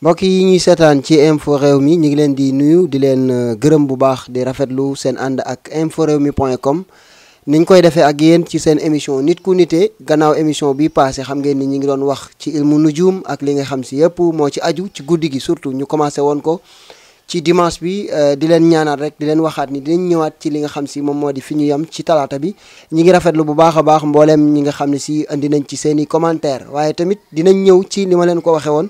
mbokk yi ñuy seetaan ci info rew mi ñi ngi leen di nuyu di leen euh, gërëm bu baax di rafetlu seen and ak info rew mi niñ koy défé ak yeen ci seen émission nit ku nité gannaaw émission bi passé xam ngeen ni ñi ngi doon wax ci ilmu nujum ak li nga xam si yépp mo ci aju ci gudigi surtu surtout ñu commencé won ko ci dimanche bi euh, di leen ñaanal rek di leen waxat ni dinañ ñëwaat ci li nga xam si mom modi di fi yam ci talata bi ñi ngi rafetlu bu baaxa baax mbooleem ñi nga xam ni si andi nañ ci seeni commentaire waye tamit dinañ ñëw ci li ma ko waxe won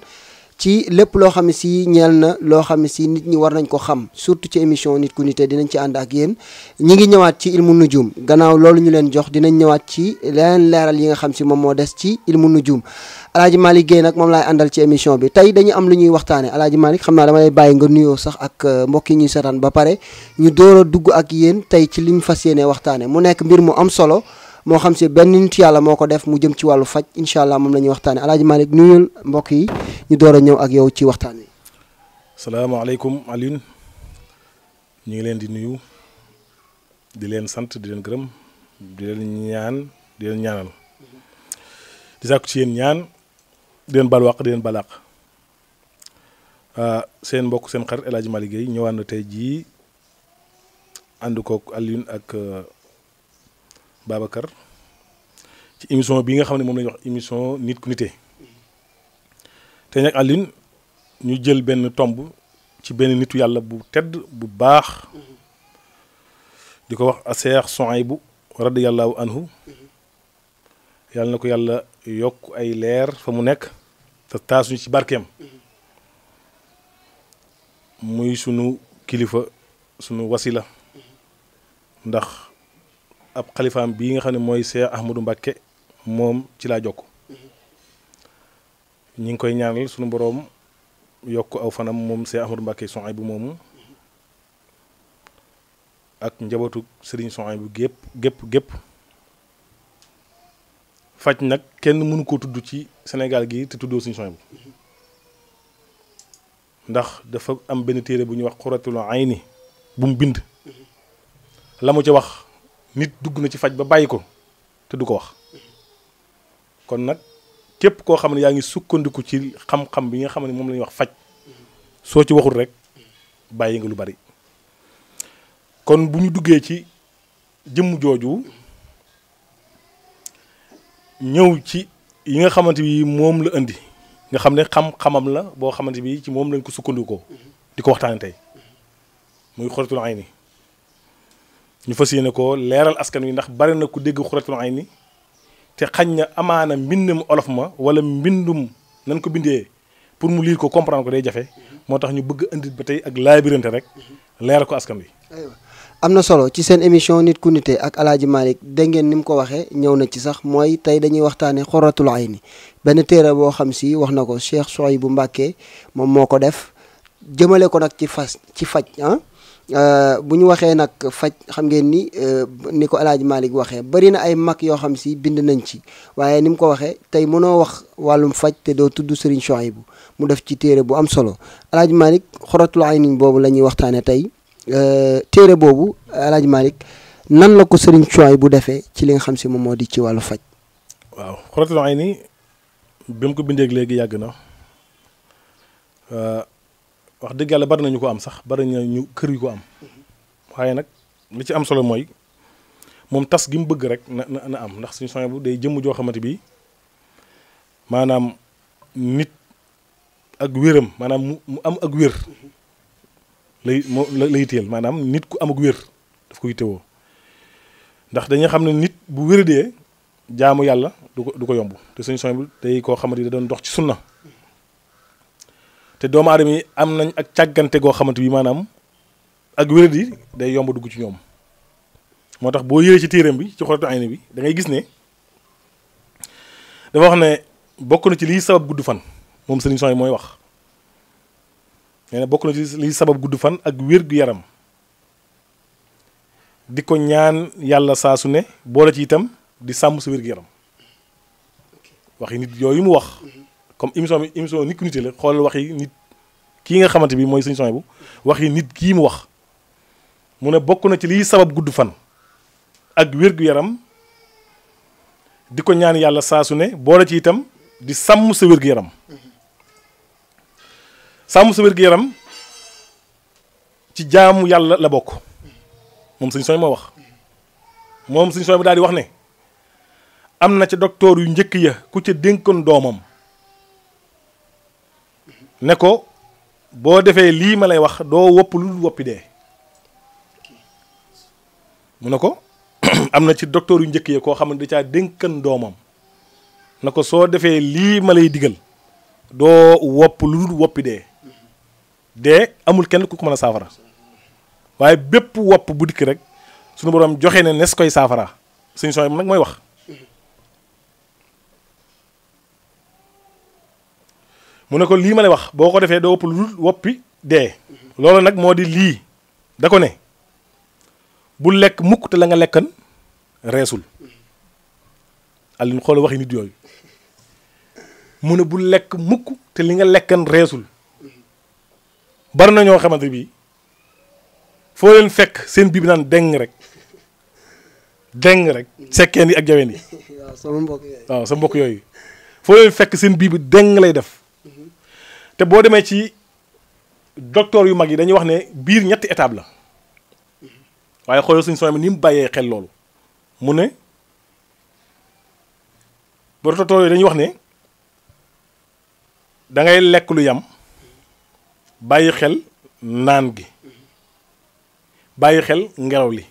ci lépp loo xam ne si ñeel na loo xam ne si nit ñi war nañ ko xam surtout ci émission nit ku nite dinañ ci ànd ak yéen ñi ngi ñëwaat ci ilmu nujum gannaaw loolu ñu leen jox dinañ ñëwaat ci leneen leeral yi nga xam si moom moo des ci ilmu nujum alaaji Malick Guèye nag moom laay àndal ci émission bi tey dañu am lu ñuy waxtaane alaaji Malick xam naa damay bàyyi nga nuyoo sax ak euh, mbokk yi ñuy seetaan ba pare ñu door a dugg ak yéen tey ci li ñu fas yéene waxtaane mu nekk mbir mu am solo mo xam ci ben nit yalla moko def mu jëm ci walu fajj inshallah mom lañu waxtane ñuy malik nuyul yi ñu doora ñew ak yow ci waxtane assalamu alaykum Alioune ñi ngi leen di nuyu di leen sant di leen gërëm di leen ñaan di leen ñaanal di sàkku ci yeen ñaan di leen baal wàq di leen balaq ah, seen mbokk seen xar El malik Malick Guèye na tey jii ak. Babacar ci émission bi nga xam ne moom la ñuy wax émission nit ku nite te nag Aline ñu jël benn tomb ci benn nitu yàlla bu tedd bu baax di ko wax a Seex Suhaybu radiyallahu anhu yàlla na ko yàlla yokk ay leer fa mu nekk te taasuñu ci barkeem muy sunu kilifa sunu wasila ndax ab xalifaam bii nga xam ne mom Cheikh Ahmadou Mbacké moom ci laa jokk mhm. ñi ngi koy ñaanal suñu boroom yokk aw fanam Cheikh Ahmadou bu ak njabootu sëriñ soxna bu gépp gépp gep faj nak kenn mënu koo tudd ci Sénégal gi te tuddoo suñu soxna bu ndax dafa am benn téere bu ñuy wax xuratul ayni bu mu bind lamu mu ci wax nit dugg na ci faj ba bàyyi ko te du ko wax kon nag képp koo xam ne yaa ngi sukkandiku ci xam-xam bi nga xam ne moom la wax faj soo ci waxul rek bàyyi nga lu bari kon bu ñu duggee ci jëmm jooju ñëw ci yi nga xamante bi moom la indi nga xam ne xam-xamam la boo xamante bi ci moom lañ ko sukkandikoo di ko waxtaane tey muy xoratul ay ni ñu fas yéene ko leeral askan wi ndax bari na ku dégg xuratul ay ni te xañ na amaana mbindum olof ma wala mbindum nan ko bindee pour mu liir ko comprendre ko day jafe moo tax ñu bëgg indi ba tey ak laabirante rek leeral ko askan wi. am na solo ci seen émission nit ku nite ak alaaji Malick dégg ni mu ko waxee ñëw na ci sax mooy tey dañuy waxtaane ay ni benn téere boo xam si wax na ko Cheikh bu Mbacké moom moo ko def jëmale ko nag ci fas ci faj ah Euh, bu ñu waxee nag faj xam ngeen ni euh, ni ko El Hadj waxee bari na ay mag yoo xam si bind nañ ci waaye ni mu ko waxee tey mënoo wax wàllum faj te doo tudd yi Chouaïbou mu def ci téere bu am solo El Hadj Malick xoratul boobu la ñuy waxtaanee tey euh, téere boobu El Hadj nan la ko Serigne bu defee ci li nga xam si moom moo di ci wàllu faj. waaw xoratul ay ni bi mu ko bindee léegi yàgg na wax dëgg bari nañu ko am sax bari nañu kër yu ko am waaye nag li ci am solo mooy moom tas gi mu bëgg rek na na am ndax suñu soñ bu day jëmm joo xamante bi maanaam nit ak wéram maanaam mu am ak wér lay moo lay teel maanaam nit ku am ak wér daf ko teewoo ndax dañuy xam ne nit bu wéradee jaamu yàlla du ko du ko yomb te suñu soñ bu day koo xamante bi da doon dox ci sunna te doomu aadama yi am nañ ak càggante goo xamante bi maanaam ak wérad yi day yomb dugg ci ñoom moo tax boo yëree ci téeram bi ci xoratu ayni bi da gis ne dafa wax ne bokk ci liy sabab gudd fan moom sëriñ Sooy mooy wax nee na bokk na ci gudd fan ak wér gu yaram di ko ñaan yàlla saa su ne boole ci itam di sàmm sa wér gu yaram waxi nit yooyu mu wax comme émission bi émission nit ku nite la xoolal wax yi nit kii nga xamante bi mooy sëñ son bu wax yi nit kii mu wax mu ne bokk na ci liy sabab gudd fan ak wér-gu-yaram di ko ñaan yàlla saa su ne boole ci itam di sàmm sa wér-gu-yaram sàmm sa wér-gu-yaram ci jaamu yàlla la bokk moom suñ sooy wax moom suñ sooy bu daal di wax ne am na ca docteur yu njëkk ya ku ca dénkoon doomam ne ko boo defee lii ma lay wax doo wopp lu dul woppi dee mu ne ko am na ci docteur yu njëkk yi koo xam ne da caa dénkan doomam na ko soo defee lii ma lay digal doo wopp lu dul woppi dee dee amul kenn ku ko mën a saafara waaye bépp wopp bu dikk rek sunu borom joxe ne nes koy saafara suñu son nag mooy wax mu ne ko lii ma lay wax boo ko defee doo lu dul woppi dee loolu nag moo di lii da ko ne bu lekk mukk te la nga lekkan reesul Alioune xool waxi nit yooyu mu ne bu lekk mukk te li nga lekkan reesul bari na ñoo xamante bi foo leen fekk seen biib naan deng rek deng rek sekkeen yi ak jaween yi waaw sama mbokk yooyu sa mbokk yooyu foo leen fekk seen biib deng lay def te boo demee ci docteur yu mag yi dañuy wax ne biir ñetti étape la waaye xoolal suñu sooy ni mu bàyyee xel loolu mu ne ba docteur yi dañuy wax ne dangay lekk lu yam bàyyi xel naan gi bàyyi xel ngelaw li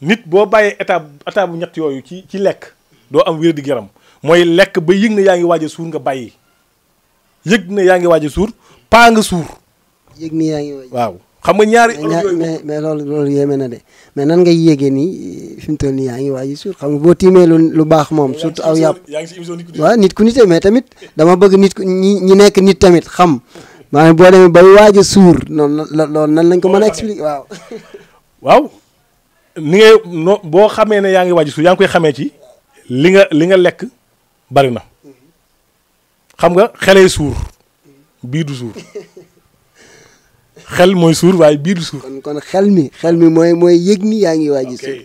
nit boo bàyyee étape étape bu ñett yooyu ci ci lekk doo am wér di yaram mooy lekk ba yëg na yaa ngi waaj a suur nga bàyyi. yëg na yaa ngi waaj a suur paa nga suur. yëg ni yaa ngi waaw xam nga ñaari. yooyu mais mais loolu loolu yéeme na de mais nan ngay yéegee nii eh, fi mu toll nii yaa ngi waaj a suur xam nga boo tiimee lu lu baax moom. surtout aw yàpp yaa ngi si émission nit ku nite mais tamit dama bëgg nit ku ñi ñi nekk nit tamit xam maanaam boo demee bay waaj a suur noonu la loolu nan lañ ko mën a expliquer waaw. waaw ni nga boo xamee ne yaa ngi waaj a suur yaa ngi koy xamee ci li nga li nga lekk bari na. xam nga xelee suur biir du suur xel mooy suur waaye biir du suur. kon xel mi xel mi mooy mooy yëg ni yaa ngi waaj suur.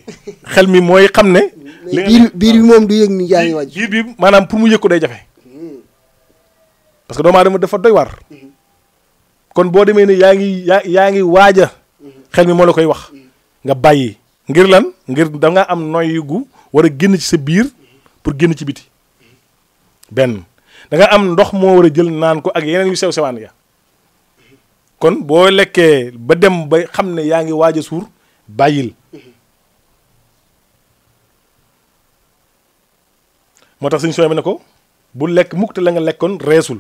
xel mi mooy xam ne. biir biir bi moom du yëg ni yaa ngi waaj biir bi pour mu yëg day jafe. Hmm. parce que doomu dafa doy waar. Hmm. kon boo demee ne yaa ngi yaa ngi waaja hmm. xel mi moo la koy wax. nga bàyyi ngir lan ngir da nga am noyyi gu war a génn ci sa biir pour génn ci biti benn. danga am ndox moo war a jël naan ko ak yeneen yu sew sewaan ya kon boo lekkee ba dem ba xam ne yaa ngi waaj a suur bàyyil moo tax suñu sooy bi ne ko bu lekk mukk te la nga lekkoon reesul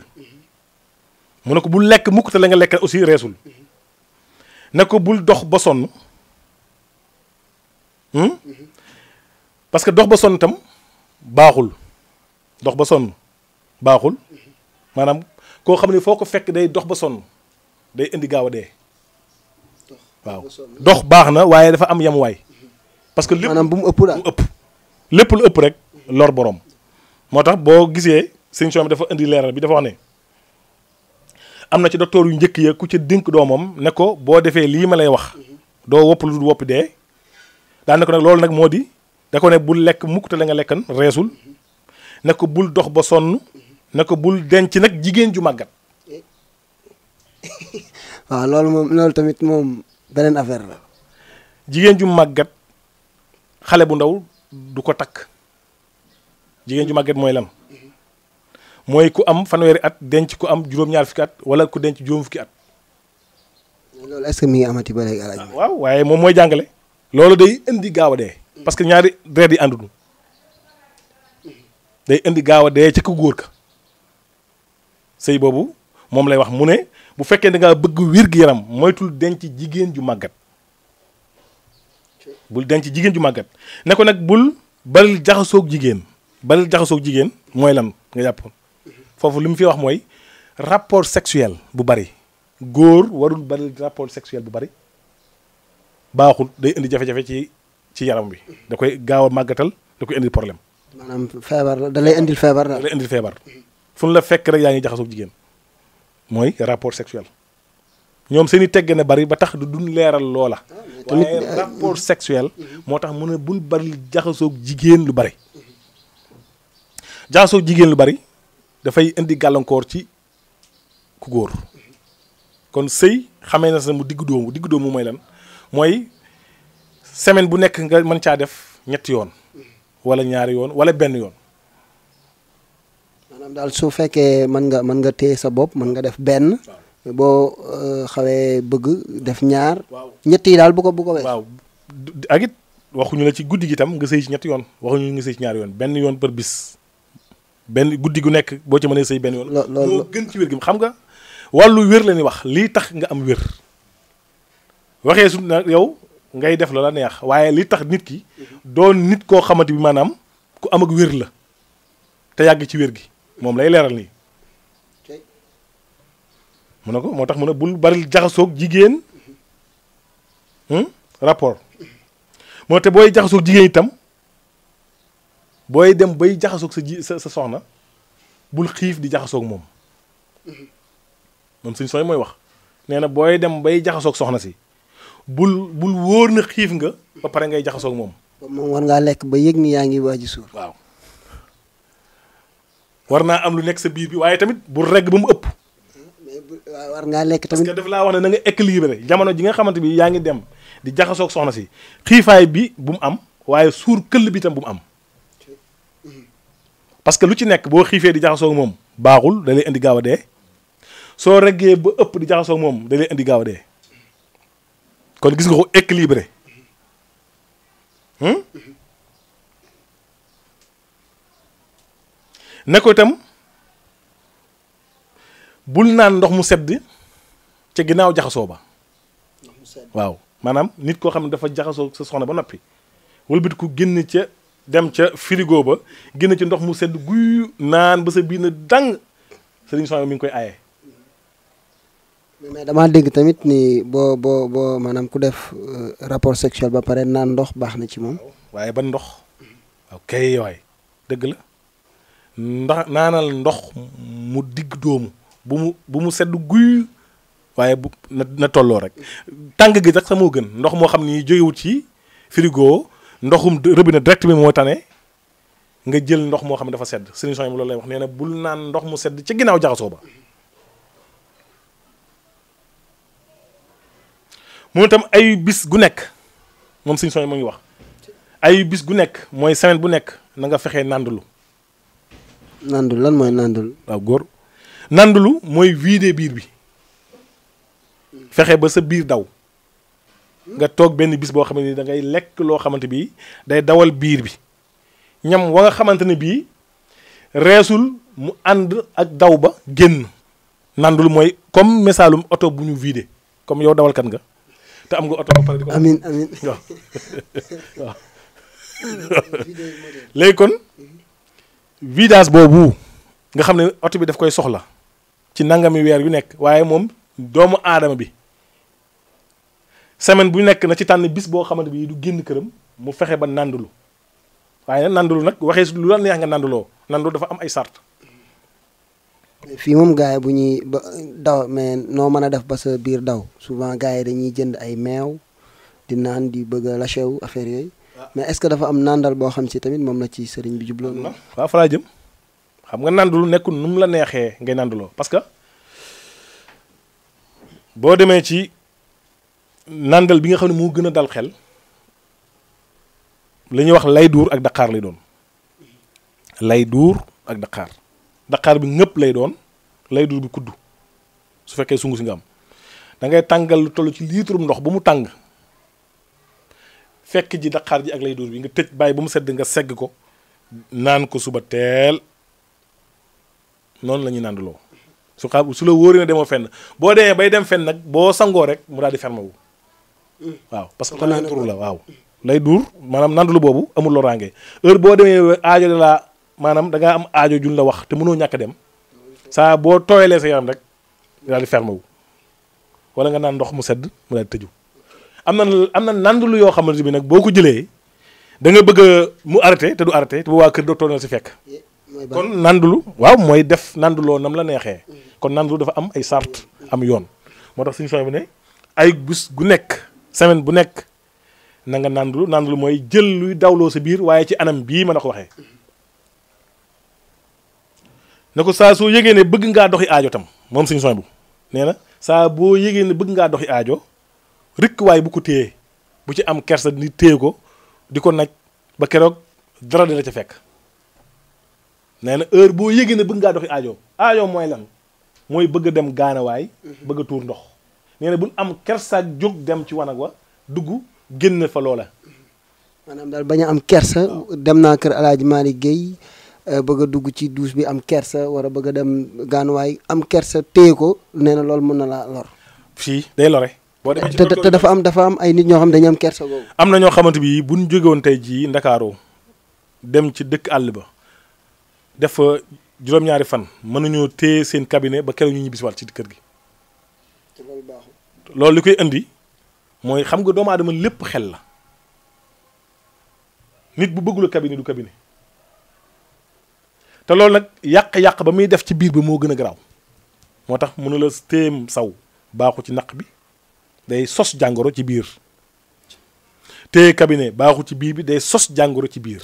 mu ne ko bu lekk mukk la nga lekk aussi reesul ne ko bul dox ba sonn hmm? mm-hmm. parce que dox ba sonn itam baaxul dox ba sonn baaxul maanaam koo xam ne foo ko fekk day dox ba sonn day indi gaaw a dee. waaw dox baax na waaye dafa am yamuwaay. parce que lépp maanaam bu mu ëpp daal ëpp. lépp lu ëpp rek loor borom. moo tax boo gisee sëñ bi dafa indi leeral bi dafa wax ne am na ci docteur yu njëkk ya ku ci dénk doomam ne ko boo defee lii ma lay wax doo wopp lu dul wopp dee daanaka nag loolu nag moo di da ko ne bul lekk mukk te la nga lekkan reesul ne ko bul dox ba sonn. na ko bul denc nag jigéen ju màggat. waaw loolu moom loolu tamit moom beneen affaire la. jigéen ju màggat xale bu ndaw du ko takk jigéen ju màggat mooy lan mooy ku am fanweeri at denc ku am juróom-ñaar fukki at wala ku denc juróom at. que mi ngi amati ba waaw waaye moom mooy jàngale. loolu day indi gaaw a dee. parce que ñaari deret yi ànduñu day indi gaaw a dee ci ku góor ka sëy boobu moom lay wax mu ne bu fekkee da ngaa bëgg wér-gu-yaram moytul denc jigéen ju màggat bul denc jigéen ju màggat ne ko nag bul balil jaxasoog jigéen balil jaxasoog jigéen mooy lan nga jàpp foofu li mu fi wax mooy rapport sexuel bu bari góor warul balil rapport sexuel bu bari baaxul day indi jafe-jafe ci ci yaram wi da koy gaaw a màggatal da koy indil problème. maanaam feebar da lay indil feebar daal da indil feebar. fu ñu la fekk rek yaa ngi jaxasoog jigéen mooy rapport sexuel ñoom seen i tegge na bari ba tax du duñ leeral loola. te rapport sexuel moo tax mu ne bul bari jaxasoog jigéen lu bari. jaxasoog jigéen lu bari dafay indi gàllankoor ci ku góor kon sëy xamee na sa mu diggu doomu diggu doomu mooy lan mooy semaine bu nekk nga mën caa def ñetti yoon wala ñaari yoon wala benn yoon. manam dal su fekke man nga man nga téye sa bop man nga def ben, bo eh, xawé bëgg def ñaar ñetti dal bu ko bu ko wess waaw ak it ñu la ci guddigi tam nga sey ci ñetti yoon ñu nga sey ci ñaar yoon ben yoon per bis ben guddigu nek bo ci mëne sey ben yoon lo gën ci wër gi xam nga walu wër la ni wax li tax nga am wër waxé su yow ngay def la neex waye li tax nit ki mhm. do nit ko xamante bi manam ku am ak wër la te yag ci wër gi mom lay leral ni mu motax ko moo tax jaxassok jigen hmm, rapport moo te booy jaxasoog itam boy dem bay jaxassok sa sa soxna bul xif di jaxassok mom mom. seigne soy moy wax nee boy dem bay jaxassok soxna si bul bul wóor na xiif nga ba pare ngay jaxassok mom. moom war nga lek ba yegni ni waji sur waaw war naa am lu nekk sa biir bi waaye tamit bu regg ba mu ëpp. war ngaa lekk tamit que daf laa wax ne na nga équilibré jamono ji nga xamante bi yaa ngi dem di jaxasoog soxna si xiifaay bi bu mu am waaye suur këll bi tam bu mu am. parce que lu ci nekk boo xiifee di jaxasoog moom baaxul da indi gaaw a dee soo reggee ba ëpp di jaxasoog moom da indi gaawa a dee kon gis nga ko équilibré. Hmm? ne ko itam bul naan ndox mu sedd ca ginnaaw jaxasoo ba waaw maanaam nit koo xam ne dafa jaxasoo sa soxna ba noppi wëlbit ku génn ca dem ca frigo ba génn ci ndox mu sedd guy naan ba sa dang sëriñ soxna mi ngi koy aaye. mais dama dégg tamit ni bo bo bo maanaam ku def euh, rapport sexuel ba pare naan ndox baax na ci moom. waaye ban ndox. ok waay dëgg la. ndax naanal ndox mu digg doomu bu mu bu mu sedd guy waaye bu na tolloo rek tàng gi sax sama gën ndox moo xam ni jógewut ci frigo ndoxum robinet direct bi moo tane nga jël ndox moo xam ne dafa sedd solution yi loolu lay wax nee na bul naan ndox mu sedd ci ginnaaw jaxasoo ba moom itam ay bis gu nekk moom solution yi mu ngi wax ay bis gu nekk mooy semaine bu nekk na nga fexee nàndulu nandul lan mooy nandul. waaw góor nandulu mooy vider biir bi fexe ba sa biir daw nga toog benn bis boo xamante ni dangay lekk loo xamante bi day dawal biir bi ñam wa nga xamante ne bii reesul mu ànd ak daw ba génn. nandul mooy comme misaalum oto bu ñu vidé comme yow dawalkat nga te am nga oto ba pare kon. vidage boobu nga xam ne oto bi daf koy soxla ci nangami weer yu nekk waaye moom doomu aadama bi semaine bu nekk na ci tànn bis boo xamante bi du génn këram mu fexe ba nandulu waaye nag nandulu nag waxee lu la neex nga nanduloo nandulu dafa am ay sart fii moom gars bu ñuy ba daw mais noo mën a def ba sa biir daw souvent gars dañuy jënd ay meew di naan di bëgg a lâché affaire yooyu mais est ce que dafa am nandal bo xam ci tamit mom la ci serigne bi jubloon. waaw fa laa djem xam nga nandulu nekun num neyake la nexé ngay nandulo parce que bo démé ci nandal bi nga xamni mo gëna dal xel li wax lay dur ak dakar lay doon lay dur ak dakar dakar bi ngepp lay doon lay dur bi kuddu su fekkee sungu si nga am da ngay tangal lu tollu ci litre ndox bu mu tang fekk ji kardi ji ak lay dur bi nga tëj bay bu mu sedd nga segg ko naan ko suba tel non lañu ñuy naandaloo su xam su la wóoree na demo fenn bo de bay dem fenn nak bo sango rek mu di ferme wu waaw parce que tamit tur la waaw lay duur maanaam nandalu boobu amul rangé heure bo demé aajo la manam da nga am aajo juñ la wax te mëno ñàkk dem sa bo toyelé sa yaram rek daal di ferme wu wala nga nan ndox mu sedd mu di am na am na nandulu yoo xamante bi nag boo ko jëlee da nga bëgg mu arrêté te du arrêté te bu waa kër docteur si fekk. kon nandulu waaw mooy def nanduloo nam la neexee. Mm. kon nandulu dafa am ay sart mm. am yoon. moo tax suñu soxna bu ne ay bés gu nekk semaine bu nekk na nga nandulu nandulu mooy jël luy dawloo sa biir waaye ci anam bii mën a ko waxee. ne ko saa soo yëgee ne bëgg ngaa doxi aajo tam moom suñu soxna bu nee na saa boo yëgee ne bëgg ngaa doxi aajo. rëkk waay bu ko téyee bu ci am kersa ni téye ko di ko naj ba keroog dara la ca fekk nee na heure boo yégee ne bëgg ngaa doxi aajoom aajoom mooy lan mooy bëgg a dem gaanawaay mhm. bëgg a ndox nee na bu ñu am kersaak dem ci wanag wa dugg génn fa loola maanaam daal bañ a am kersa dem naa kër alaaji Malick euh, bëgg dugg ci douche bi am kersa war a bëgg a dem gaanuwaay am kersa téye ko nee na loolu mën na laa lor fii day lore boo te dafa am dafa am ay nit ñoo xam dañu am kersa googu. am na ñoo xamante bi bu ñu jóge woon tey jii ndakaaroo dem ci dëkk àll ba def fa juróom-ñaari fan mën nañoo téye seen cabinet ba keroog ñu ñibbisiwaat ci kër gi. loolu li koy indi mooy xam nga doomu aadama lépp xel la nit bu bëggula cabinet du cabinet te loolu nag yàq-yàq ba muy def ci biir bi moo gën a garaaw moo tax mënu la téem saw baaxu ci naq bi. day sos jàngoro ci biir téye cabinet baaxu ci biir bi day sos jàngoro ci biir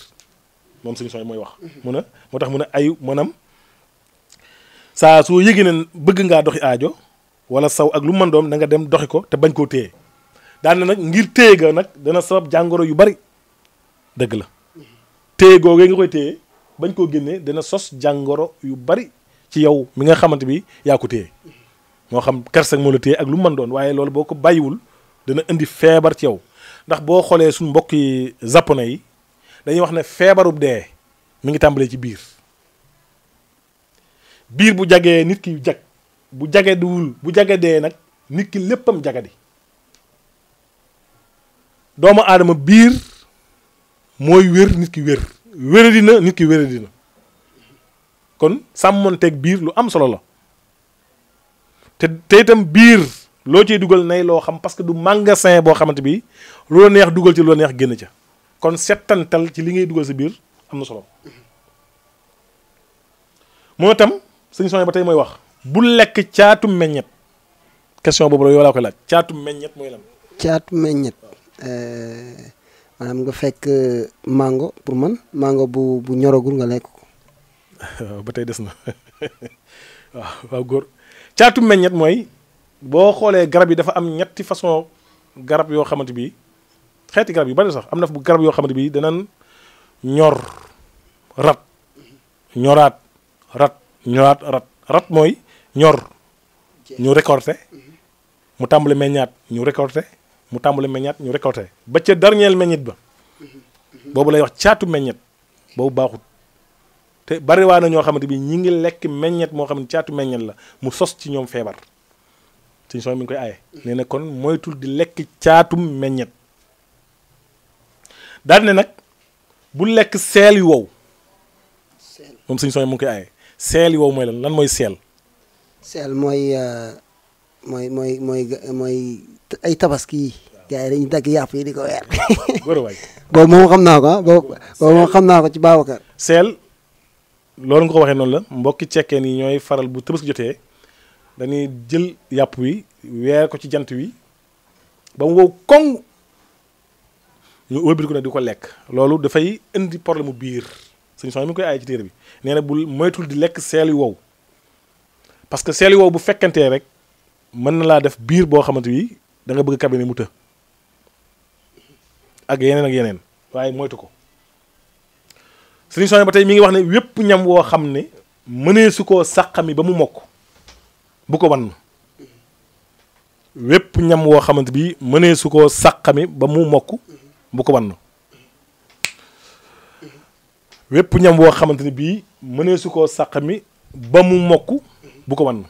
moom suñu sooy mooy wax. Mm-hmm. mu ne moo tax mu ne ay maanaam saa soo yëgee ne bëgg ngaa doxi aajo wala saw ak lu mën doom dem doxi ko te bañ koo téye daan na nag ngir téye ga nag dana sabab jàngoro yu bari dëgg la mm-hmm. téye googee nga koy téye bañ koo génnee dana sos jàngoro yu bari ci yow mi nga xamante bi yaa ko téye. Mm-hmm. moo xam kersak moo la téye ak lu mën doon waaye loolu boo ko bàyyiwul dana indi feebar ci yow ndax boo xoolee suñ mbokk yi japonais yi dañuy wax ne feebarub dee mi ngi tàmbalee ci biir biir bu jagee nit ki jag bu jagadiwul bu jagadee nag nit ki léppam jagadi doomu aadama biir mooy wér nit ki wér wéradi nit ki wéradi na kon sàmmonteeg biir lu am solo la te te itam biir loo ciy dugal nay loo xam parce que du magasin boo xamante bi lu la neex dugal ci lu la neex génn ca kon settantal ci li ngay dugal sa biir am na solo moo tam sëñ Sonia ba tey mooy wax bu lekk caatu meññet question boobu la yow laa koy laaj caatu meññet mooy lan. caatu meññet euh, nga fekk euh, mango pour man mango bu bu ñoragul nga lekk ko. waaw ba tey caatu meññet mooy boo xoolee garab yi dafa am ñetti façon garab yoo xamante bi xeeti garab yi bari sax am na bu garab yoo xamante bi danañ ñor rat ñoraat rat ñoraat rat rat mooy ñor ñu récolté mu tàmbali meññaat ñu récolté mu tàmbali meññaat ñu récolté ba ca dernier meññit ba mhm. Mhm. boobu lay wax caatu meññet boobu baaxut te bari waa na ñoo xamante bi ñi ngi lekk meññet moo xam ne caatu meññet la mu sos ci ñoom feebar suñ sooy koy aaye na kon moytul di lekk caatum meññet daal nag bu lekk seel yu wow moom suñ sooy mu ngi koy aaye seel yu mooy lan lan mooy seel seel mooy euh, mooy mooy mooy mooy ay tabaski yi gars yi dañu dagg yàpp yi di ko weer boobu moom xam naa ko boobu moom xam naa ko ci Babacar seel loolu nga ko waxee noonu la mbokki cekkeen ni ñooy faral bu tabaski jotee dañuy jël yàpp wi weer ko ci jant wi ba mu wow koŋ ñu wëlbatiku ne di ko lekk loolu dafay indi problème mu biir suñu son mu ngi koy aaye ci téere bi nee bul moytul di lekk seel wow parce que seel wow bu fekkantee rek mën na laa def biir boo xamante ni danga bëgg cabinet mu të ak yeneen ak yeneen waaye moytu ko. suñu soxna ba tey mi ngi wax ne wépp ñam woo xam ne mënee su koo sàqami ba mu mokk bu ko wan wépp ñam woo xamante bi mënee su koo sàqami ba mu mokk bu ko wan wépp ñam woo xamante ni bii mënee su koo sàqami ba mu mokk bu ko wan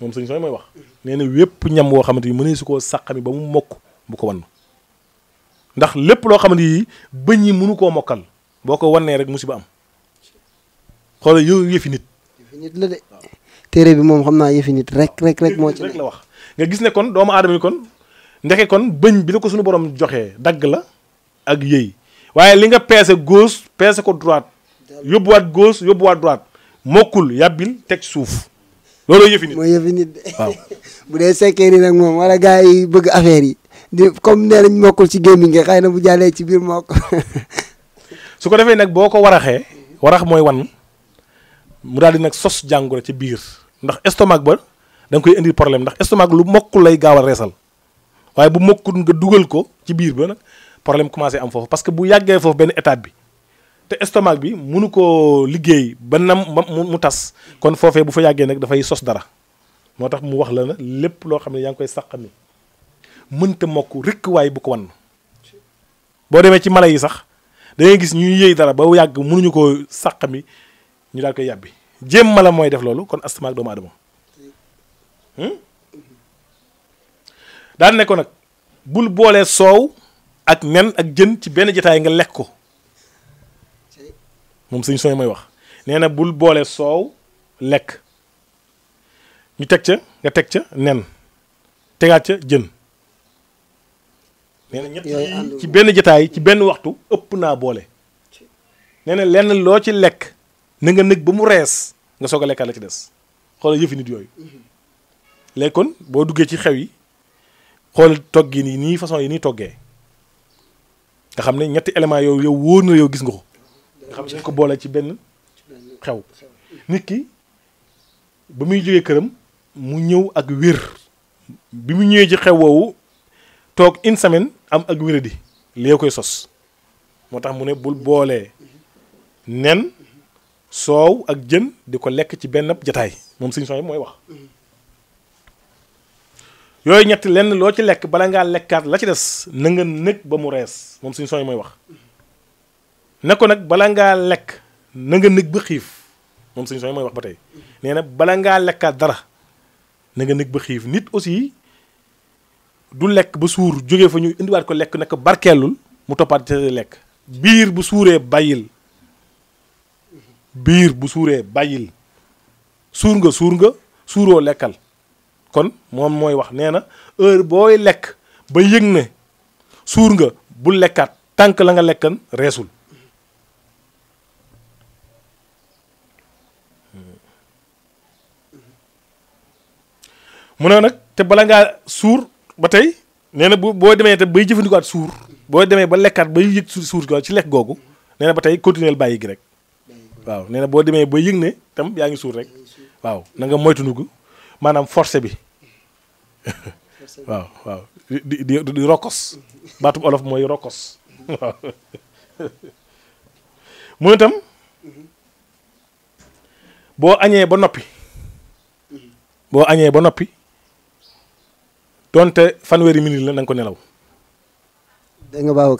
moom suñu soxna mooy wax nee na wépp ñam woo xamante bi mënee su koo sàqami ba mu mokk bu ko wan ndax lépp loo xamante ni bëñ yi mënu koo mokkal boo ko wannee rek musiba am xoolal yow yëfi nit. yëfi nit la de téere bi moom xam naa yëfi nit rek rek rek moo ci rek wax nga gis ne kon doomu aadama yi kon ndeke kon bëñ bi la ko suñu boroom joxe dagg la ak yëy waaye li nga peese gauche peese ko droite yóbbuwaat gauche yóbbuwaat droite mokkul yàbbil teg suuf. loolu yëfi nit mooy yëfi nit de waaw dee sekkee ni nag moom wala gaa yi bëgg affaire yi. di comme né nañ mokul ci gaming nga na bu jalé ci bir mokk su ko défé nak boko waraxé warax moy wan mu daal di sos jangoro ci bir ndax estomac ba dang koy indi problème ndax estomac lu mokul lay gawal resal waye bu mokul nga duggal ko ci bir ba nak problème commencé am fofu parce que bu yaggé fofu ben étape bi te estomac bi mënu ko liggéey ba nam mu tass kon fofé bu fa nak da fay sos dara motax mu wax la na lepp lo yang koy sakami mënta mokk rëkk waay bu ko wan boo demee ci mala yi sax dangay gis ñuy yëy dara ba yàgg mënuñu ko sàq mi ñu daal koy yàbbi jéem mala mooy def loolu kon astamaak doomu aadama hmm? daan ne ko nag bul boolee soow ak nen ak jën ci benn jataay nga lekk ko moom suñ sooy mooy wax nee na bul boole soow lekk ñu teg ca nga teg ca nen tegaat ca jën nee na ñett ci benn jataay ci benn waxtu ëpp naa boole. nee na lenn loo ci lekk na nga nëg ba mu rees nga soog a lekkaat la ci des xoolal yëfi nit yooyu. Mhm. léegi kon boo duggee ci xew yi xool togg yi nii nii façon yi nii toggee nga xam ne ñetti éléments yow yow wóor na yow gis nga ko. nga xam ne dañ ko boole ci benn xew. nit ki ba muy jógee këram mu ñëw ak wér bi mu ñëwee ci xew woowu. toog une semaine am ak wéradi lee koy sos moo tax mu ne bul boolee nen soow ak jën di ko lekk ci benn jataay moom suñu son mooy wax yooyu ñetti lenn loo ci lekk bala ngaa lekkaat la ci des na nga ba mu rees moom suñu son mooy wax ne ko nag bala ngaa lekk na nga nekk ba xiif moom suñu son mooy wax ba tey nee na bala ngaa lekkaat dara na nga nekk ba xiif nit aussi du lekk ba suur jógee fa ñu indiwaat ko lekk naka barkeelul mu toppaat te lekk biir bu suuree bàyyil biir bu suuree bàyyil suur nga suur nga suuroo lekkal kon moom mooy wax nee na heure booy lekk ba yëg ne suur nga bu lekkaat tànk la nga lekkan reesul mu ne nag te bala ngaa suur ba tey nee na bu boo demee te bay jëfandikoo at suur boo demee ba lekkaat bay yëg suur ci lekk googu nee ba tey continuer bàyyi gi rek waaw nee na boo demee ba yëg ne tam yaa ngi suur rek waaw nanga nga moytu ndugu maanaam forcé bi waaw waaw di di rokkos baatub olof mooy rokkos waaw mooy itam boo añee ba noppi boo añee ba noppi donte fanweeri minute la na ko nelaw. dégg nga baaw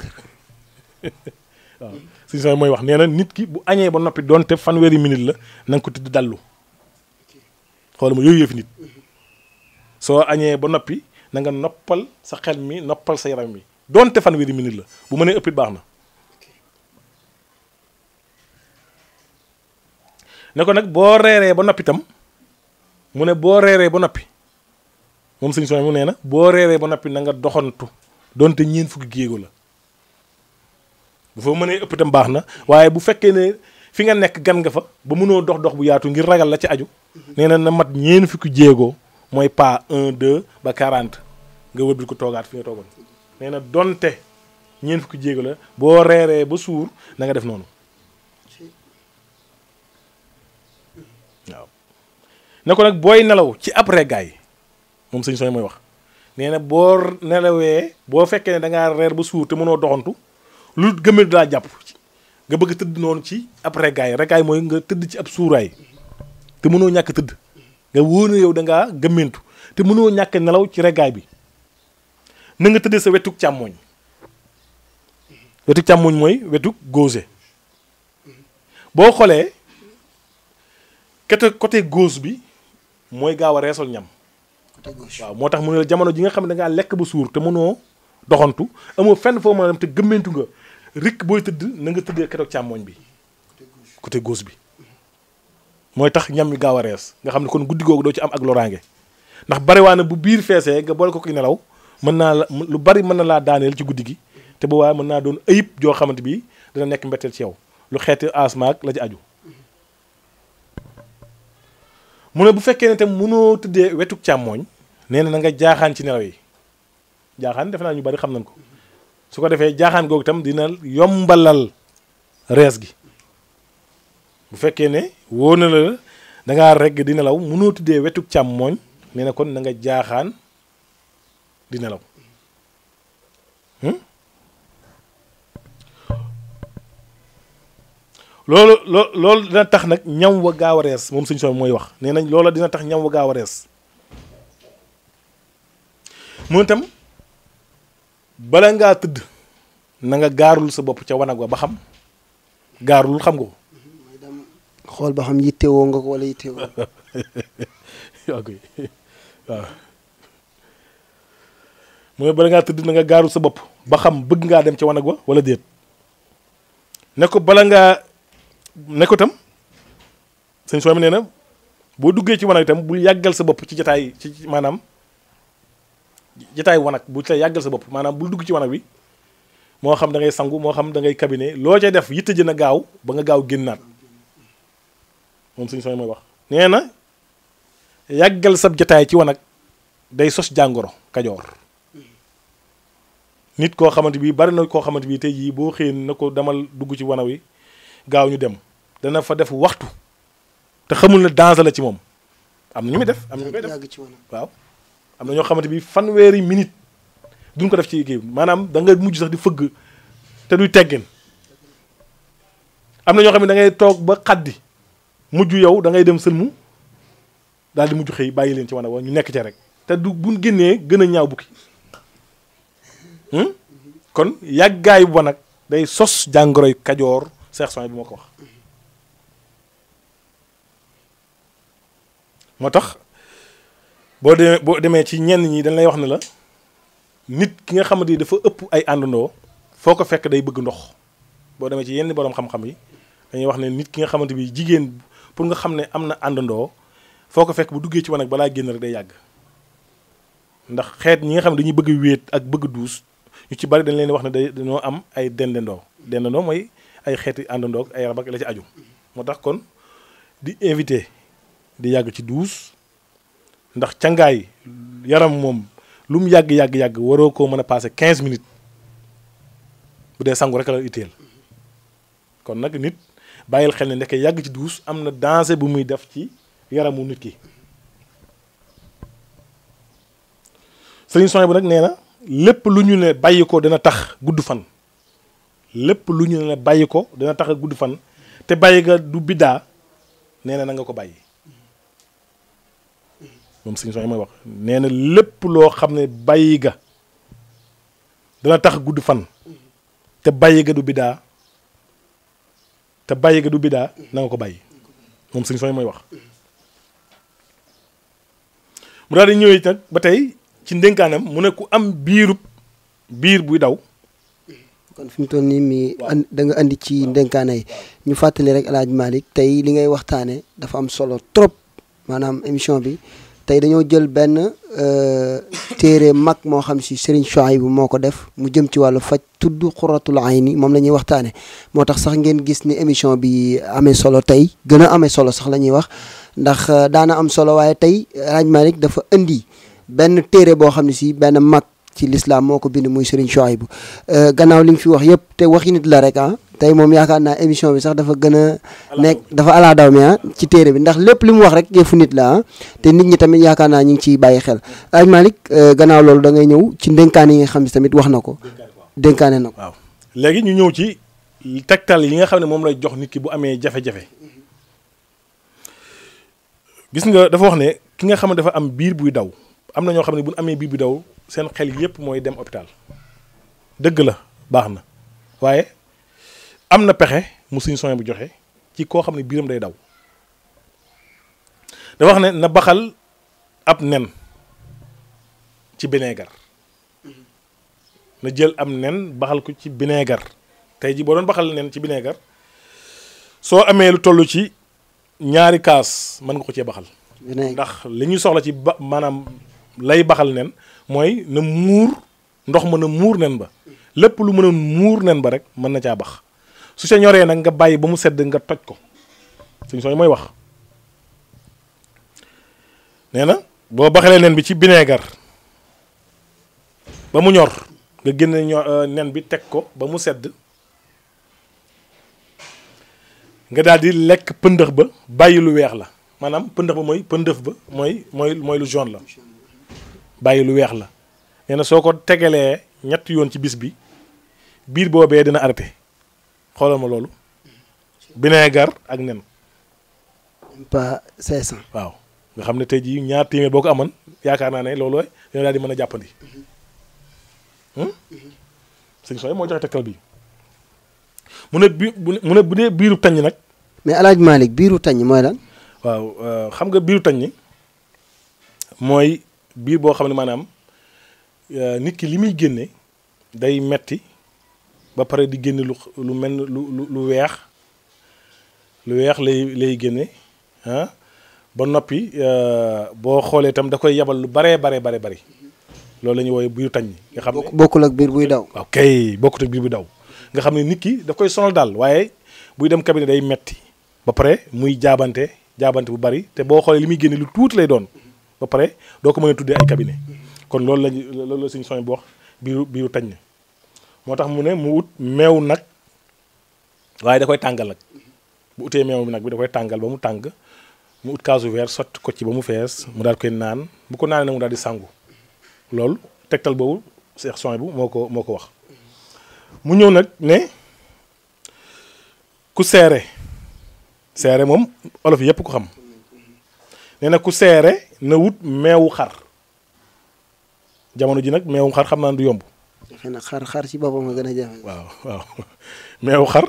mooy wax nee na nit ki bu añee ba noppi donte fanweeri minute la nanga ko tëdd dallu xoolal ma yooyu yëf nit soo añee ba noppi na nga noppal sa xel mi noppal sa yaram mi donte fanweeri minute la bu mënee ëpp baax na. ne ko nag boo reeree ba noppi itam mu ne boo reeree ba noppi. moom sëñ Souhaïbou nee na boo reeree ba noppi nanga nga doxantu donte ñeen fukki géego la bu fa mënee ëpp itam baax na waaye bu fekkee ne fi nga nekk gan nga fa ba mënoo dox dox bu yaatu ngir ragal la ci aju nee na na mat ñeen fukki jéegoo mooy pas 1 2 ba 40 nga wëddu ko toogaat fi nga toogoon nee na donte ñeen fukki jéego la boo reeree ba suur na nga def noonu waaw ne ko nag booy nelaw ci après gaay moom sëñ sooy mooy wax nee na boo nelawee boo fekkee ne da ngaa reer ba suur te mënoo doxantu lu gëmmel daa jàpp nga bëgg tëdd noonu ci ab reggaay reggaay mooy nga tëdd ci ab suuraay te mënoo ñàkk tëdd nga wóor na yow da ngaa te mënoo ñàkk nelaw ci reggaay bi na nga tëddee sa wetuk càmmoñ wetuk càmmoñ mooy wetuk goose boo xoolee côté côté gauche bi mooy gaaw a reesal ñam côté waaw moo tax mu ne la jamono ji nga xam ne da lekk ba suur te mënoo doxantu amoo fenn foo mën a dem te gëmmentu nga rikk booy tëdd na nga tëddee keroog càmmooñ bi. côté gauche bi mooy tax ñam mi gaaw a rees nga xam ne kon guddi googu doo ci am ak loraange ndax bariwaane bu biir feesee nga boole ko ki nelaw mën naa la lu bari mën na laa daaneel ci guddi gi te bu waaye mën naa doon ayib joo xamante bi dina nekk mbetteel ci yow lu xeeti asma la ci aju. mu ne bu fekkee ne tam mënoo tëddee wetuk càmmooñ nee na na nga jaaxaan ci nelaw yi jaaxaan def naa ñu bari xam nañ ko su ko defee jaaxaan googu itam dina yombalal rees gi bu fekkee ne wóor na la da ngaa regg di nelaw mënoo tuddee wetuk càmm nee na kon na nga jaaxaan di nelaw hmm? loolu loolu dina tax nag ñam wa gaaw a rees moom suñ soo mooy wax nee nañ loola dina tax ñam wa gaaw a rees moom itam bala ngaa tëdd nanga gaarul sa bopp ca wanag wa ba xam gaarul xam nga ko. xool ba xam yittewoo nga ko wala yittewoo. ok waaw bala ngaa tëdd na nga gaarul sa bopp ba xam bëgg ngaa dem ca wanag wa wala déet ne ko bala ngaa nekko tam sëñ soo mi nee na boo duggee ci wanag itam bul yàggal sa bopp ci jotaay ci maanaam. jataay wanag bu ci la yàggal sa bopp maanaam bul dugg ci wanag wi moo xam dangay ngay sangu moo xam da ngay cabinet loo cay def yitte jën a gaaw ba nga gaaw génn naat moom suñ sooy ma wax nee na yàggal sab jataay ci wanag day sos jàngoro kajoor nit koo xamante bi bari na koo xamante bi tey jii boo xëyee na ko demal dugg ci wanag wi gaaw ñu dem dana fa def waxtu te xamul ne danger la ci moom am na ñu muy def am na ñu muy def waaw am na ñoo xamante bi fanweeri minute duñ ko def ci kii maanaam da mujj sax di fëgg te duy teggin am na ñoo xam ne da ngay toog ba xaddi mujj yow da ngay dem sëlmu daal di mujj xëy bàyyi leen ci wana wa ñu nekk ca rek te du buñ génnee gën a ñaaw bukki hmm? kon yàggaay bu nag day sos jàngoroy kajoor Cheikh Souhaïbou bi moo ko wax moo tax boo demee boo demee ci ñenn ñi dañ lay wax ne la nit ki nga xamante ni dafa ëpp ay àndandoo foo ko fekk day bëgg ndox boo demee ci yenn borom xam-xam yi dañuy wax ne nit ki nga xamante bi jigéen pour nga xam ne am na àndandoo foo ko fekk bu duggee ci wanag balaa génn rek day yàgg ndax xeet ñi nga xam ne dañuy bëgg wéet ak bëgg duus ñu ci bari dañ leen wax ne day dañoo am ay dendandoo dendandoo mooy ay xeeti àndandoo ay rab ak la ci aju moo tax kon di invité di yàgg ci duus ndax cangaay yaram moom lu mu yàgg yàgg yàgg waroo koo mën a passé quinze minutes bu dee sangu rek la itteel kon nag nit bàyyil xel ne ndeke yàgg ci duus am na danger bu muy def ci yaramu nit ki. sëriñ Sonia bu nag nee na lépp lu ñu ne bàyyi ko dana tax gudd fan lépp lu ñu ne bàyyi ko dana tax gudd fan te bàyyi ga du biddaa nee na na nga ko bàyyi. mom seigne soxna mooy wax neena lepp lo xamne xam ne ga dana tax gudd fan te bàyyi ga du bida te bàyyi ga du bida na ko bayyi mom seigne soxna may wax. mu dal di ñëwee nag ci ndenkanam mu ne ku am biru biir bu daw. kon fim mu toll da nga andi ci ndenkanay ñu fatali rek El malik tay li ngay waxtane dafa am solo trop Manam émission bi. tay dañu jël ben euh téré mak mo xam ci Serigne Chouaïbou moo ko def mu jëm ci walu fajj tuddu khuratul ayni mom lañuy waxtane motax sax ngeen gis ni émission bi amé solo tay gëna amé solo sax lañuy wax ndax daana am solo waye tay Raaj malik dafa indi ben téré bo xamni ci ben mak ci l'islam moko bind muy Serigne euh gannaaw liñ fi wax yëpp te waxi nit la rek ah tey moom yaakaar naa émission bi sax dafa gën a nekk dafa alaa daw mi ah ci téere bi ndax lépp li mu wax rek yëfu nit la ah te nit ñi tamit yaakaar naa ñu ngi ciy bàyyi xel aj Malick euh, gannaaw loolu dangay ñëw ci ndénkaane yi nga xam si tamit wax na ko dénkaane na waaw léegi ñu ñëw ci tegtal yi nga xam ne moom lay jox nit ki bu amee jafe-jafe gis nga dafa wax ne ki nga xam ne dafa am biir buy daw am na ñoo xam ne bu amee biir buy daw seen xel yëpp mooy dem hôpital dëgg la baax na am na mu suñu soñ bu joxé ci ko xam biram day daw da wax né na baxal ab nen ci bineegar na jël am nen baxal ko ci bineegar tay ji bo doon baxal nen ci bineegar so amé lu tollu ci ñaari kaas man nga ko ci baxal ndax liñu soxla ci ba lay baxal nen moy na mur ndox mëna mur nen ba lepp lu mëna mur nen ba rek mëna ca bax su sa ñoree nag nga bàyyi ba mu sedd nga toj ko suñ sooy mooy wax nee na boo baxalee nen bi ci vinaigre ba mu ñor nga génne ñor euh, nen bi teg ko ba mu sedd nga daal di lekk pëndëx ba bàyyi lu weex la maanaam pëndëx ba mooy pëndëf ba mooy mooy mooy lu jaune la bàyyi lu weex la nee na soo ko tegalee ñett yoon ci bis bi biir boobee dina arrêté xoolal ma loolu. vinaigre ak nen. pas 500. waaw nga xam ne tey jii ñaar téeméer boo ko amoon yaakaar naa ne loolu yooyu daal di mën a jàppandi. Hmm? Mhm. moo joxe takkal bi mu ne biiru tañ nag. mais El Hadj Malick biiru tañ mooy lan. waaw euh, xam nga biiru tañ mooy biir boo xam ne maanaam euh, nit ki li muy génne day metti ba paré di génné lu lu mel lu lu wéx lu wéx lay lay génné hein ah. ba nopi euh bo xolé tam da koy yabal lu baré baré baré baré lolou lañu ñuy buyu biiru nga xamné ne bokkul ak bir buy daw. ok bokkul ak bir buy daw nga xamné nit ki da koy sonal dal wayé buy dem cabinet day metti ba paré muy jaabante jaabante bu bari té bo xolé li génné lu tout lay doon ba paré doo ko mën a ay cabinet kon lolou lañu lolou la soñ bo bu wax biiru biiru tañ moo tax mu ne mu ut meew nag waaye da koy tàngal nag bu utee meew bi nag bi da koy tàngal ba mu tàng mu ut kaasu verre sotti ko ci ba mu fees mu daal koy naan bu ko naanee nag mu daal di sangu loolu tegtal boobu Cheikh Souhaïbou bu moo ko moo ko wax mu ñëw nag ne ku seere seere moom olof yépp ko xam nee nag ku seere na wut meewu xar jamono ji nag meewum xar xam naa du yomb defe na xar xar ci boppam nga gën a jafe. waaw waaw meew xar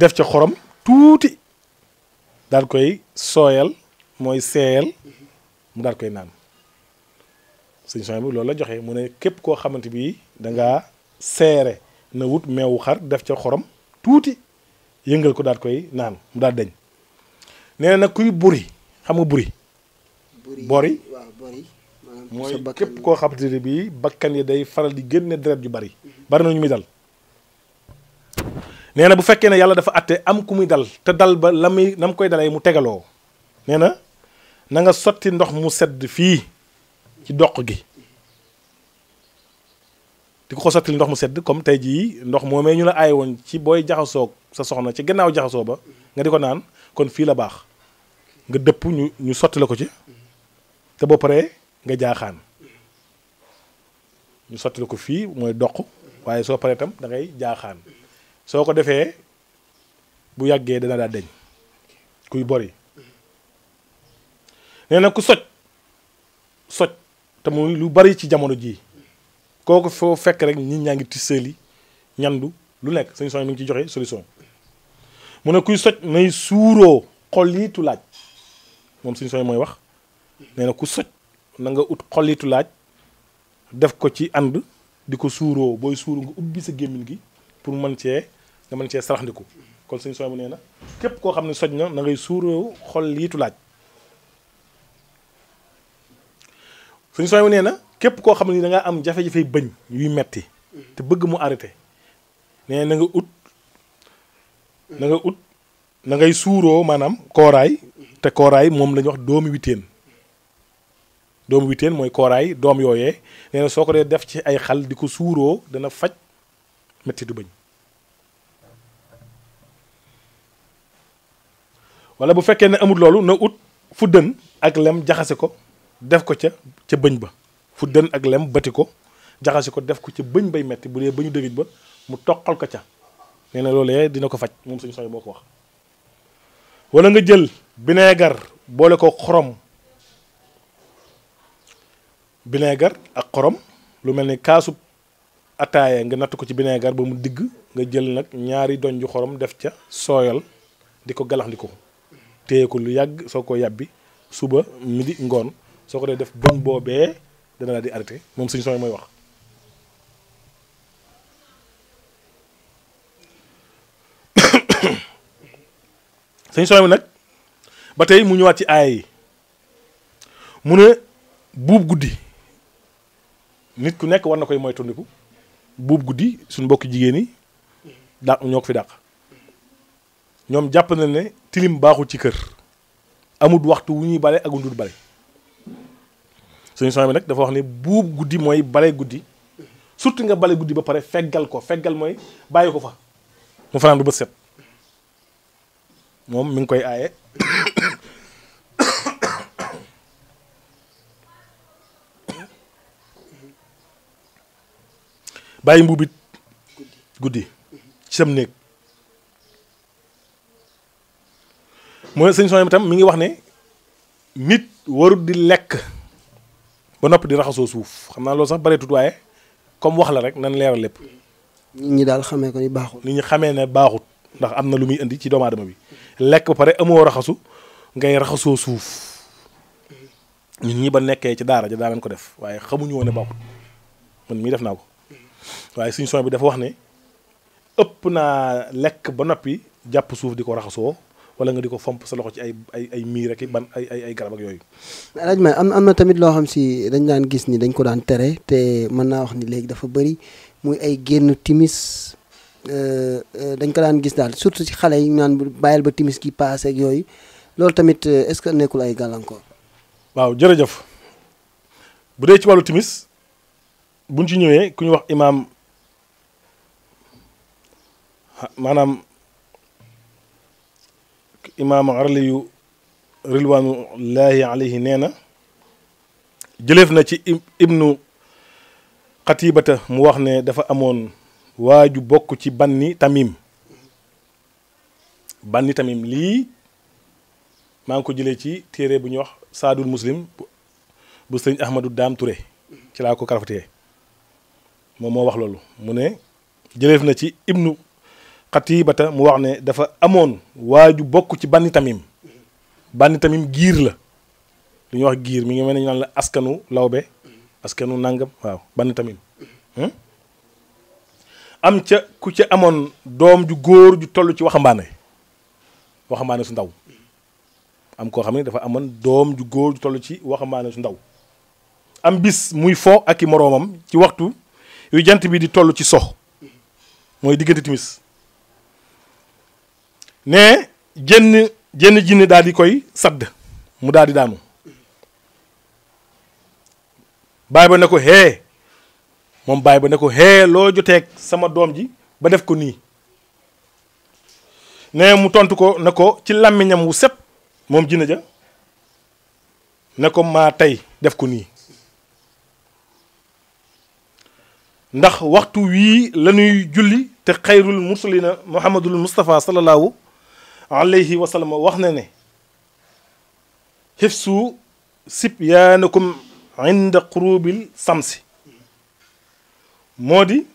def ca xorom tuuti daal koy sooyal mooy seeyal mu daal koy naan suñu sooy bi loolu la joxe mu ne képp koo xamante bi da ngaa seere na wut meewu xar def ca xorom tuuti yëngal ko daal koy naan mu daal dañ nee nag kuy buri xam nga buri. bori. mooy képp koo xamante ne bii bakkan yi day faral di génne deret yu bari bari na ñu muy dal nee na bu fekkee ne yàlla dafa atte am ku muy dal te dal ba la nam koy dalee mu tegaloo nee na na nga sotti ndox mu sedd fii ci doq gi di ko ko sottil ndox mu sedd comme tey jii ndox moomee ñu la aay woon ci booy jaxasoo sa soxna ci gannaaw jaxasoo ba nga di ko naan kon fii la baax nga dëpp ñu ñu sotti la ko ci te boo paree nga jaaxaan ñu sotti ko fii mooy doq waaye soo paree tam dangay jaaxaan soo ko defee bu yàggee dana daa deñ kuy bori nee na ku soj soj te muy lu bari ci jamono jii kooku foo fekk rek nit ñaa ngi tisseeli ñandu lu nekk sëñ son mi ngi ci joxe solution mu ne kuy soj nay suuroo xol yi laaj moom sëñ son mooy wax nee na ku soj na nga ut xollitu laaj def ko ci ànd di ko boy booy nga ubbi sa gémmiñ gi pour mën cee nga mën cee saraxndiku kon suñu sooy bu nee na képp koo xam ne soj na na ngay suuroo xollitu laaj da am jafe-jafe bëñ yuy metti te bëgg mu arrêté nee na nga ut na nga ut na ngay suuroo te kooraay moom la wax doomi doomu witeen mooy kooraay doom yooyee nee na soo ko dee def ci ay xal di ko suuroo dana faj metti du bëñ wala bu fekkee ne amul loolu na ut fuddën ak lem jaxase ko def ko ca ca bëñ ba fuddën ak lem bati ko jaxase ko def ko ca bëñ bay metti bu dee bëñu dëgëj ba mu toqal ko ca nee na loolee dina ko faj moom suñu soñ boo ko wax wala nga jël vinaigre boole ko xorom vinaigre ak xorom lu mel ni kaasu ataaya nga natt ko ci vinaigre ba mu digg nga jël ñaari donju xorom def ca sooyal di ko galaxndiku téye ko lu yàgg soo ko suba midi ngon soo ko def bon boobee dana la di arrêté moom suñ sooy mooy wax suñ sooy mi nag ba tey mu ñëwaat ci mu ne buub nit ku nekk war na koy moytandiku buub guddi suñ mbokki jigéen yi dàq ñoo ko fi dàq ñoom jàpp na ne tilim baaxul ci kër amut waxtu wu ñuy bale ak wu ñu dul bale suñu son bi nag dafa wax ne buub guddi mooy bale guddi surtout nga bale guddi ba pare feggal ko feggal mooy bàyyi ko fa mu fanaan du bët set moom mu ngi koy aaye bàyyi mbuubit guddi ci sam néeg mooy sëñ son tam mi ngi wax ne nit warut di lekk ba noppi di raxasoo suuf xam naa loolu sax bareetut waaye comme wax la rek nan leeral lépp nit ñi daal xamee ko ni baaxut xamee ne baaxut ndax am na lu muy indi ci doomu aadama bi lekk ba pare amoo raxasu ngay raxasoo suuf nit ñi ba nekkee ci daara ja daal leen ko def waaye xamuñu woon ne baaxut man mii def naa ko waaye suñu soñ bi dafa wax ne ëpp naa lekk ba noppi jàpp suuf di ko raxasoo wala nga di ko fomp sa loxo ci ay ay ay miir rek ban ay ay ay garab ak yooyu. ma am am na tamit loo xam si dañ daan gis ni dañ ko daan tere te mën naa wax ni léegi dafa bëri muy ay génn timis euh, euh, dañ ko daan gis daal surtout ci xale yi naan bàyyil ba timis gi paase ak yooyu loolu tamit euh, est-ce que nekkul ay gàllankoor. waaw jërëjëf bu dee ci wàllu timis buñ ci ñëwee ku ñu wax imaam maanaam imaam arli yu rilwanullahi alayhi nee na jëleef na ci ibnu xatibata mu wax ne dafa amoon waaju bokk ci banni tamim banni tamim lii maa ngi ko jëlee ci téere bu ñuy wax saadul muslim bu sëñ ahmadu daam ture ci laa ko karafatee moom moo wax loolu mu ne jëleef na ci ibnu xatibata mu wax ne dafa amoon waa ju bokk ci bànni tamim bànni tamim giir la lu ñuy wax giir mi ngi mel ne ñu naan la askanu lawbe askanu nangam waaw bànni tamim hmm? am ca ku ca amoon doom ju góor ju toll ci waxambaane waxambaane su ndaw am koo xam ne dafa amoon doom ju góor ju toll ci waxambaane su ndaw am bis muy fo ak i moroomam ci waxtu yu jant bi di toll ci sox mooy diggante timis ne jenn jenn jinne daal di koy sadd mu daal di daanu baay ba ne ko hee moom baay ba ne ko hee loo joteeg sama doom ji ba def ko nii ne mu tontu ko ne ko ci làmmiñam wu set moom jinne ja ne ko maa tey def ko nii ndax waxtu wii la julli te xayrul mursalina muhammadul mustafa sallallahu alayhi wa sallam wax na ne xifsu sibyaanakum inda qurubil samsi moo di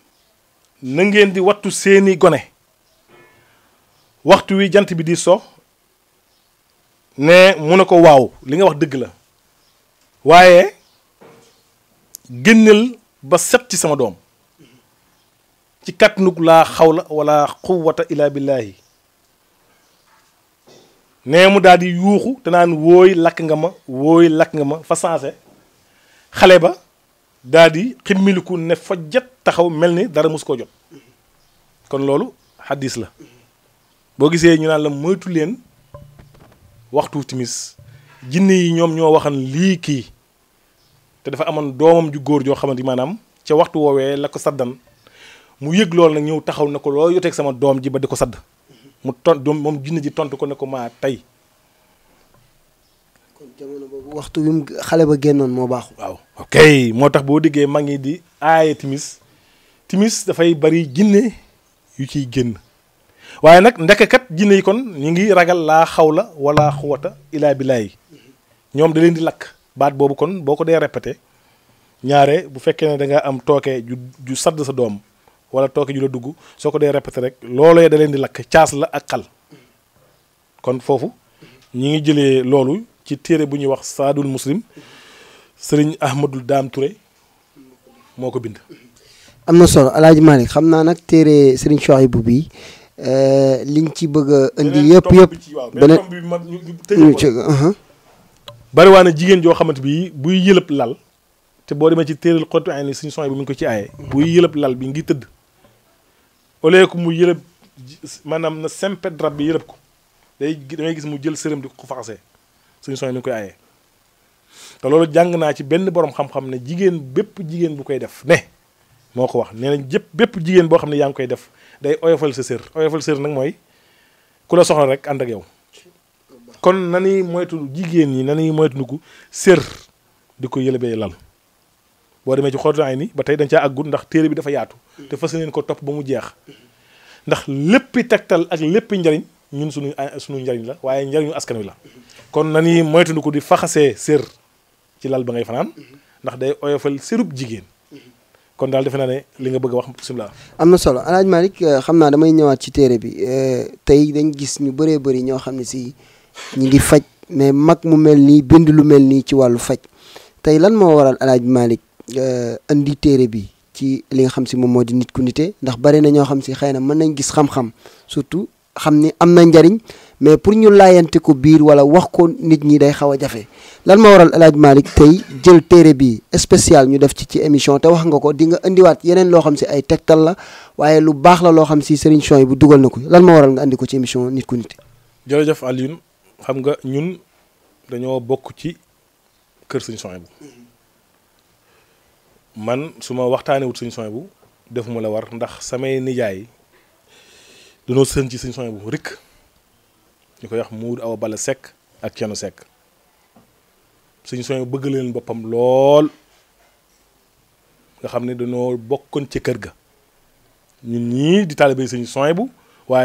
na ngeen di wattu seeni gone waxtu wi jant bi di so ne mu ne ko waaw li nga wax dëgg la waaye génneel ba set ci sama doom ci kattanug laa xaw la wala quwwata illa billahi nee mu daldi yuuxu te naan wooy lakk nga ma wooy lakk nga ma fa sensé xale ba daldi di ximmiliku ne fojjat taxaw mel ni dara mus koo jot kon loolu xaddis la boo gisee ñu naan la moytu leen waxtu timis jinne yi ñoom ñoo waxan lii kii te dafa amoon doomam ju góor joo xamante maanaam ca waxtu woowee la ko saddan mu yëg loolu nag ñëw taxaw na ko loo yoteeg sama doom ji ba di ko sadd mu tont moom jinne ji tontu ko ne ko maa tey. kon waxtu wi xale ba génnoon moo baaxul. waaw ok moo tax boo diggee maa ngi di aaye timis timis dafay bari jinne yu ciy génn waaye nag ndekkat jinne yi kon ñu ngi ragal laa xaw la wala xuwata ilaa billaay ñoom da leen di lakk baat boobu kon boo ko dee répété ñaare bu fekkee ne da nga am tooke ju ju sadd sa doom. wala tooke ju la dugg soo ko dee répété rek loolee da leen di lakk caas la ak xal kon foofu ñi ngi jëlee loolu ci téere bu ñuy wax saadul muslim sëriñ ahmadul daam Touré moo ko bind am na solo alaaji Malick xam naa nag téere sëriñ Chouaïbou bi eh, liñ ci bëgg a indi yëpp yëpp beneen uh-huh. bariwaane jigéen joo xamante bi buy yëlëb lal te boo demee ci téeral xottu ay ni suñu son bi mu ngi ko ci aaye buy yëlëb lal bi ngi tëdd au lieu que mu yëlëb maanaam na sempet rab bi yëlëb ko day dangay gis mu jël sërëm di ko faxasee suñu soñ mi koy ayee te loolu jàng naa ci benn borom xam-xam ne jigéen bépp jigéen bu koy def ne moo ko wax nee jëpp bépp jigéen boo xam ne yaa ngi koy def day oyofal sa sër oyofal sër nag mooy ku la soxla rek ànd ak yow kon nanuy moytu jigéen ñi nanuy moytu ko sër di ko yëlëbee lal boo demee ci khodra ay ba tey dañ caa àggul ndax téere bi dafa yaatu te fas leen ko topp ba mu jeex ndax léppi tegtal ak léppi njariñ ñun suñu suñu njariñ la waaye njariñu askan wi la kon na ni moytu ko di faxasee sér ci lal ba ngay fanaan ndax day oyofal sérub jigéen kon daal defe ne li nga bëgg wax bisimilah. am solo alaaj Malik, euh, xam naa damay ñëwaat ci téere bi euh, tey dañ gis ñu bëree bëri ñoo xam ne si ñi ngi faj mais mag mu mel bind lu melni ci wàllu faj tey lan moo waral andi euh, téere bi ci li nga xam si moom moo di nit ku nite ndax bari na ñoo xam si xëy na mën nañ gis xam-xam surtout xam ni am na njariñ mais pour ñu laayante ko biir wala wax ko nit ñi day xaw a jafe lan ma waral El Hadj tey jël téere bi spécial ñu def ci ci émission te wax nga ko di nga indiwaat yeneen loo xam si ay tegtal la waaye lu baax la loo xam si Serigne Choy yi bu dugal na ko lan ma waral nga andi ko ci émission nit ku nite. jërëjëf Alioune xam nga ñun dañoo bokk ci kër Serigne man suma waxtane wut suñu soñ bu la war ndax samay nijaay no sën ci suñu soñ bu rikk wax muud aw bala sek ak kenu sek suñu soñ bëgg leen bopam lool nga xamne do no bokkon ci kër ga ñun ñi di talibé suñu soñ bu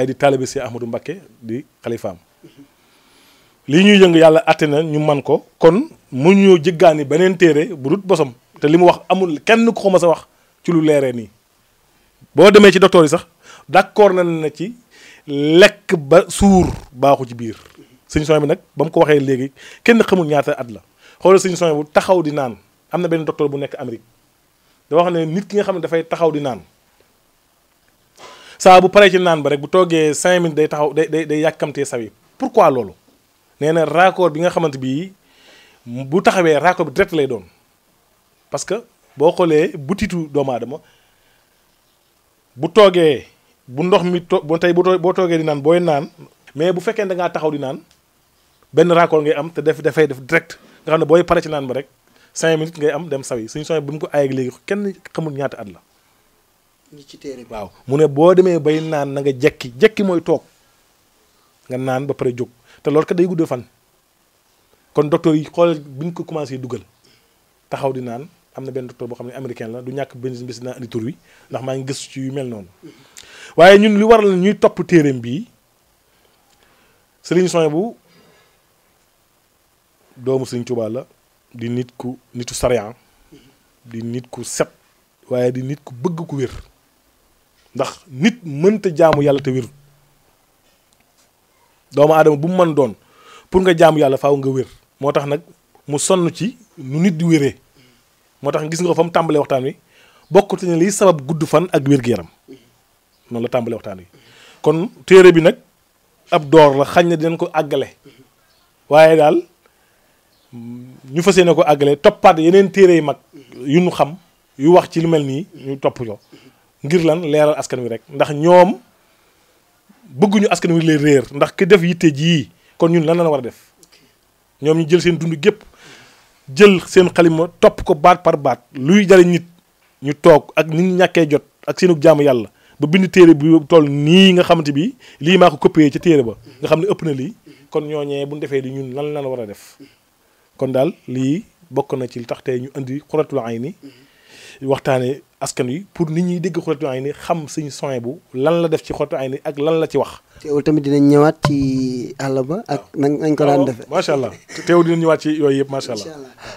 di talibé ci Ahmadou Mbacké di khalifa li ñuy yëng yalla àtte ñu man ko kon mu ñu jëggaani benen téré bu dut bosom te li mu wax amul kenn ku ko mas a wax ci lu leeree nii boo demee ci docteur yi sax d'accord na na ci lekk ba suur baaxu ci biir sëñ soñ bi nag ba mu ko waxee léegi kenn xamul ñaata at la xoolal sëñ soñ bu taxaw di naan am na benn docteur bu nekk Amérique da wax ne nit ki nga xam ne dafay taxaw di naan saa bu paree ci naan ba rek bu toogee cinq minutes day taxaw day day day yàkkamtee saw yi pourquoi loolu nee na raccord bi nga xamante bii bu taxawee raccord bi direct lay doon parce que boo xoolee butitu doomu aadama bu toogee bu ndox mi to bu tey boo toogee di naan booy naan mais bu fekkee da ngaa taxaw di naan benn raccord ngay am te def dafay def direct nga xam ne booy pare ci naan ba rek cinq am dem sawi suñu sooy bu mu ko ayeeg léegi kenn xamul ñaata at la. ñi ci téere bo waaw mu ne boo demee bay naan na nga jekki jekki mooy toog nga naan ba pare jóg te loolu kat day gudd fan kon docteur yi kol bi ñu ko commencé dugal taxaw di naan. am na benn docteur boo xam ne américain la du ñàkk benn bis dinaa indi tur wi ndax maa ngi gëstu ci yu mel noonu waaye ñun li waral ñuy topp téereem bii Serigne bu doomu Serigne Touba la di nit ku nitu sariyaan di nit ku set waaye di nit ku bëgg ku wér ndax nit mënta jaamu yàlla te wérut doomu aadama bu mu mën doon pour nga jaamu yàlla faw nga wér moo tax nag mu sonn ci nu nit di wéree moo tax gis nga ko fa mu tàmbalee waxtaan wi bokkut ne liy sabab gudd fan ak wér-gu-yaram noonu la tàmbalee waxtaan wi kon téere bi nag ab door la xañ na dinañ ko àggale waaye daal ñu fas yéene ko àggale toppaat yeneen téere yu mag yu ñu xam yu wax ci lu mel nii ñu topp ko ngir lan leeral askan wi rek ndax ñoom bëgguñu askan wi leen réer ndax ki def yitte jii kon ñun lan la war a def ñoom ñu jël seen dund gépp jël seen xalima topp ko baat par baat luy jariñ nit ñu toog ak nit ñu ñàkkee jot ak seenu jaamu yàlla ba bind téere bi tool nii nga xamante bi lii maa ko copié ca téere ba nga xam ne ëpp na lii kon ñooñee bu ñu defee di ñun lan lan war a def kon daal lii bokk na ci li tax te ñu indi xuratul ayni waxtaane askan yi pour nit ñi dégg xuratu ay ni xam suñu soin bu lan la def ci xuratu ay ni ak lan la ci wax. teewul tamit dinañ ñëwaat ci àll ba ak. Ah. nan nañ ko laa ah, defee macha allah teewul dinañ ñëwaat ci yooyu yëpp macha allah.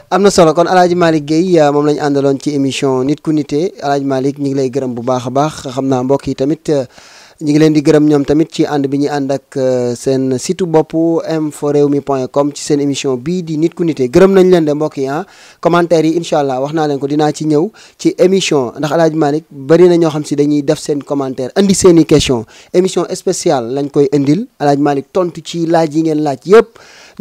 am na solo kon El Hadj Malick Guèye ah, moom lañ àndaloon ci émission nit ku nite El Hadj ñu ngi lay gërëm bu baax a baax xam naa mbokk yi tamit. ñu ngi leen di gërëm ñoom tamit ci ànd bi ñuy ànd ak euh, seen site bopp info réew mi point com ci seen émission bii di nit ku nite gërëm nañ leen de mbokk yi ah commentaire yi incha allah wax naa leen ko dinaa ci ñëw ci émission ndax El Hadj Malick bari na ñoo xam si dañuy def seen commentaire indi seen i question émission spéciale lañ koy indil El Hadj tontu ci laaj yi ngeen laaj yëpp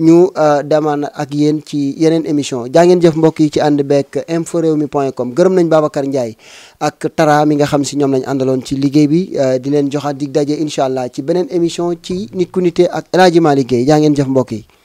ñu euh, demaan ak yéen ci yeneen émission jaa ngeen jëf mbokk yi ci ànd beek info réew mi point com gërëm nañ Babacar Ndiaye ak Tara mi nga xam si ñoom lañ àndaloon ci liggéey bi euh, di leen joxaat dig daje incha allah ci beneen émission ci nit ak El Hadji jaa ngeen jëf mbokk yi